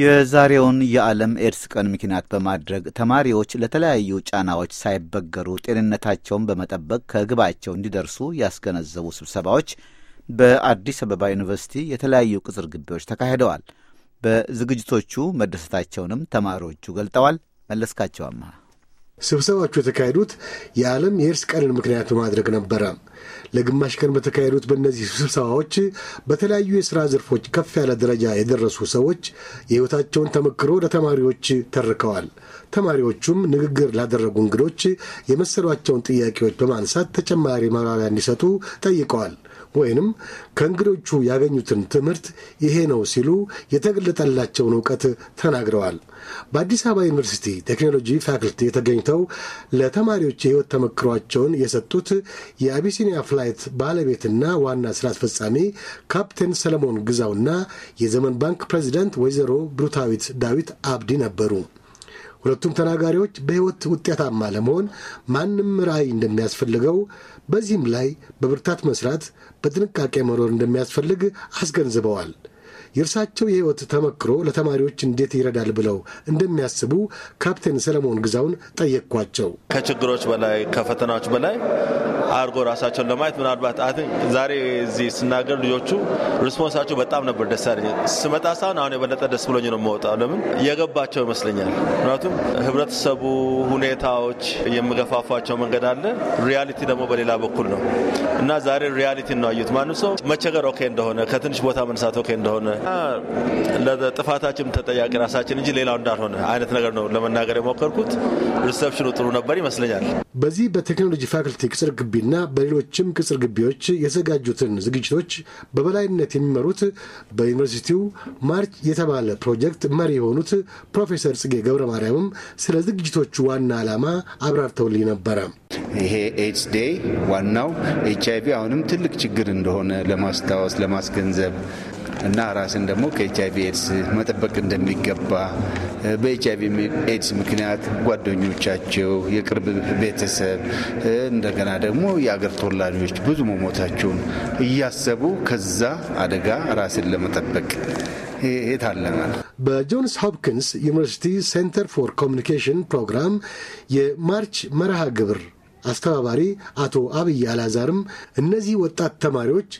የዛሬውን የዓለም ኤድስ ቀን ምክንያት በማድረግ ተማሪዎች ለተለያዩ ጫናዎች ሳይበገሩ ጤንነታቸውን በመጠበቅ ከግባቸው እንዲደርሱ ያስገነዘቡ ስብሰባዎች በአዲስ አበባ ዩኒቨርሲቲ የተለያዩ ቅጽር ግቢዎች ተካሂደዋል። በዝግጅቶቹ መደሰታቸውንም ተማሪዎቹ ገልጠዋል። መለስካቸው አመሃ ስብሰባዎቹ የተካሄዱት የዓለም የእርስ ቀንን ምክንያት በማድረግ ነበረ። ለግማሽ ቀን በተካሄዱት በእነዚህ ስብሰባዎች በተለያዩ የሥራ ዘርፎች ከፍ ያለ ደረጃ የደረሱ ሰዎች የሕይወታቸውን ተመክሮ ለተማሪዎች ተርከዋል። ተማሪዎቹም ንግግር ላደረጉ እንግዶች የመሰሏቸውን ጥያቄዎች በማንሳት ተጨማሪ ማብራሪያ እንዲሰጡ ጠይቀዋል። ወይንም ከእንግዶቹ ያገኙትን ትምህርት ይሄ ነው ሲሉ የተገለጠላቸውን እውቀት ተናግረዋል። በአዲስ አበባ ዩኒቨርሲቲ ቴክኖሎጂ ፋክልቲ የተገኝተው ለተማሪዎች የህይወት ተመክሯቸውን የሰጡት የአቢሲኒያ ፍላይት ባለቤትና ዋና ስራ አስፈጻሚ ካፕቴን ሰለሞን ግዛውና የዘመን ባንክ ፕሬዚደንት ወይዘሮ ብሩታዊት ዳዊት አብዲ ነበሩ። ሁለቱም ተናጋሪዎች በሕይወት ውጤታማ ለመሆን ማንም ራዕይ እንደሚያስፈልገው በዚህም ላይ በብርታት መስራት፣ በጥንቃቄ መኖር እንደሚያስፈልግ አስገንዝበዋል። የእርሳቸው የሕይወት ተመክሮ ለተማሪዎች እንዴት ይረዳል ብለው እንደሚያስቡ ካፕቴን ሰለሞን ግዛውን ጠየቅኳቸው። ከችግሮች በላይ ከፈተናዎች በላይ አድርጎ ራሳቸውን ለማየት ምናልባት ዛሬ እዚህ ስናገር ልጆቹ ሪስፖንሳቸው በጣም ነበር ደስ ያለኝ። ስመጣ ሳይሆን አሁን የበለጠ ደስ ብሎኝ ነው የምወጣው። ለምን የገባቸው ይመስለኛል። ምክንያቱም ህብረተሰቡ ሁኔታዎች የምገፋፏቸው መንገድ አለ፣ ሪያሊቲ ደግሞ በሌላ በኩል ነው እና ዛሬ ሪያሊቲ ነው አዩት። ማንም ሰው መቸገር ኦኬ እንደሆነ ከትንሽ ቦታ መነሳት ኦኬ እንደሆነ እና ለጥፋታችን ተጠያቂ ራሳችን እንጂ ሌላው እንዳልሆነ አይነት ነገር ነው ለመናገር የሞከርኩት። ሪሰፕሽኑ ጥሩ ነበር ይመስለኛል። በዚህ በቴክኖሎጂ ፋክልቲ ቅጽር ግቢና በሌሎችም ቅጽር ግቢዎች የዘጋጁትን ዝግጅቶች በበላይነት የሚመሩት በዩኒቨርሲቲው ማርች የተባለ ፕሮጀክት መሪ የሆኑት ፕሮፌሰር ጽጌ ገብረ ማርያምም ስለ ዝግጅቶቹ ዋና ዓላማ አብራርተውልኝ ነበረ። ይሄ ኤድስ ዴይ ዋናው ኤች አይቪ አሁንም ትልቅ ችግር እንደሆነ ለማስታወስ ለማስገንዘብ እና ራስን ደግሞ ከኤች አይቪ ኤድስ መጠበቅ እንደሚገባ በኤች አይቪ ኤድስ ምክንያት ጓደኞቻቸው፣ የቅርብ ቤተሰብ እንደገና ደግሞ የአገር ተወላጆች ብዙ መሞታቸውን እያሰቡ ከዛ አደጋ ራስን ለመጠበቅ የታለማል። በጆንስ ሆፕኪንስ ዩኒቨርሲቲ ሴንተር ፎር ኮሚኒኬሽን ፕሮግራም የማርች መርሃ ግብር አስተባባሪ አቶ አብይ አላዛርም እነዚህ ወጣት ተማሪዎች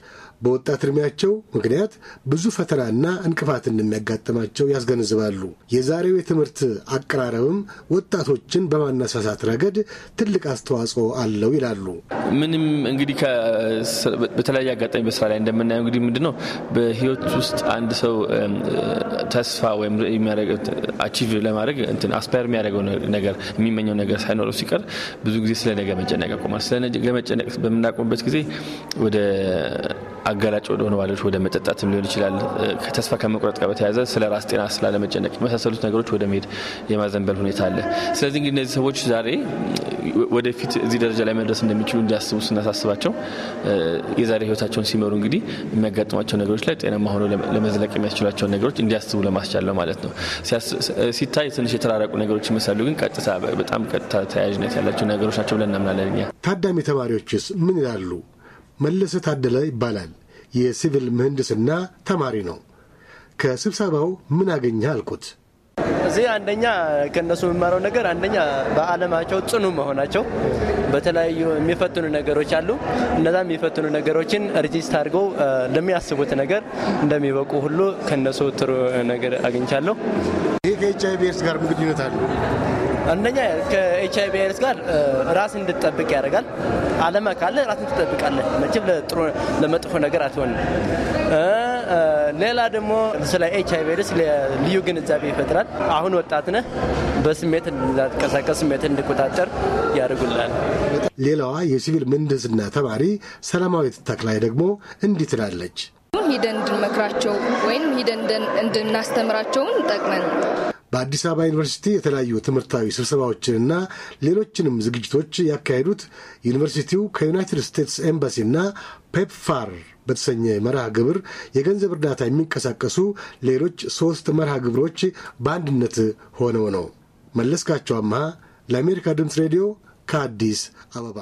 በወጣት እድሜያቸው ምክንያት ብዙ ፈተናና እንቅፋት እንደሚያጋጥማቸው ያስገነዝባሉ። የዛሬው የትምህርት አቀራረብም ወጣቶችን በማነሳሳት ረገድ ትልቅ አስተዋጽኦ አለው ይላሉ። ምንም እንግዲህ በተለያየ አጋጣሚ በስራ ላይ እንደምናየው እንግዲህ ምንድን ነው በህይወት ውስጥ አንድ ሰው ተስፋ ወይም አቺቭ ለማድረግ አስፓየር የሚያደርገው ነገር የሚመኘው ነገር ሳይኖረው ሲቀር ብዙ ጊዜ ስለ ነገ መጨነቅ ያቆማል። ስለነገ መጨነቅ በምናቆምበት ጊዜ ወደ አጋላጭ ወደሆነ ባለች ወደ መጠጣትም ሊሆን ይችላል። ከተስፋ ከመቁረጥ ጋር በተያያዘ ስለ ራስ ጤና ስላለመጨነቅ የመሳሰሉት ነገሮች ወደ መሄድ የማዘንበል ሁኔታ አለ። ስለዚህ እንግዲህ እነዚህ ሰዎች ዛሬ ወደፊት እዚህ ደረጃ ላይ መድረስ እንደሚችሉ እንዲያስቡ ስናሳስባቸው የዛሬ ህይወታቸውን ሲመሩ እንግዲህ የሚያጋጥሟቸው ነገሮች ላይ ጤናማ ሆኖ ለመዝለቅ የሚያስችሏቸውን ነገሮች እንዲያስቡ ለማስቻል ነው ማለት ነው። ሲታይ ትንሽ የተራራቁ ነገሮች ይመስላሉ፣ ግን ቀጥታ በጣም ቀጥታ ተያያዥነት ያላቸው ነገሮች ናቸው ብለን እናምናለን። ታዳሚ ተማሪዎችስ ምን ይላሉ? መለሰ ታደለ ይባላል። የሲቪል ምህንድስና ተማሪ ነው። ከስብሰባው ምን አገኘ አልኩት። እዚህ አንደኛ ከእነሱ የምማረው ነገር አንደኛ በዓለማቸው ጽኑ መሆናቸው በተለያዩ የሚፈትኑ ነገሮች አሉ። እነዛ የሚፈትኑ ነገሮችን ርጅስት አድርገው ለሚያስቡት ነገር እንደሚበቁ ሁሉ ከእነሱ ጥሩ ነገር አግኝቻለሁ። ይህ ከኤች አይ ቪ ኤድስ ጋር ግንኙነት አለው አንደኛ ከኤች አይቪ ኤድስ ጋር ራስ እንድጠብቅ ያደርጋል። አለማ ካለ ራስ እንድጠብቃለን። መቼም ለመጥፎ ነገር አትሆንም። ሌላ ደግሞ ስለ ኤች አይቪ ኤድስ ልዩ ግንዛቤ ይፈጥራል። አሁን ወጣት ነህ፣ በስሜት እንዳትቀሳቀስ፣ ስሜት እንድቆጣጠር ያደርጉላል። ሌላዋ የሲቪል ምህንድስና ተማሪ ሰላማዊት ተክላይ ደግሞ እንዲህ ትላለች። ሂደን እንድንመክራቸው ወይም ሂደን እንድናስተምራቸውን ጠቅመን በአዲስ አበባ ዩኒቨርሲቲ የተለያዩ ትምህርታዊ ስብሰባዎችንና ሌሎችንም ዝግጅቶች ያካሄዱት ዩኒቨርሲቲው ከዩናይትድ ስቴትስ ኤምባሲና ፔፕፋር በተሰኘ መርሃ ግብር የገንዘብ እርዳታ የሚንቀሳቀሱ ሌሎች ሶስት መርሃ ግብሮች በአንድነት ሆነው ነው። መለስካቸው አምሃ ለአሜሪካ ድምፅ ሬዲዮ ከአዲስ አበባ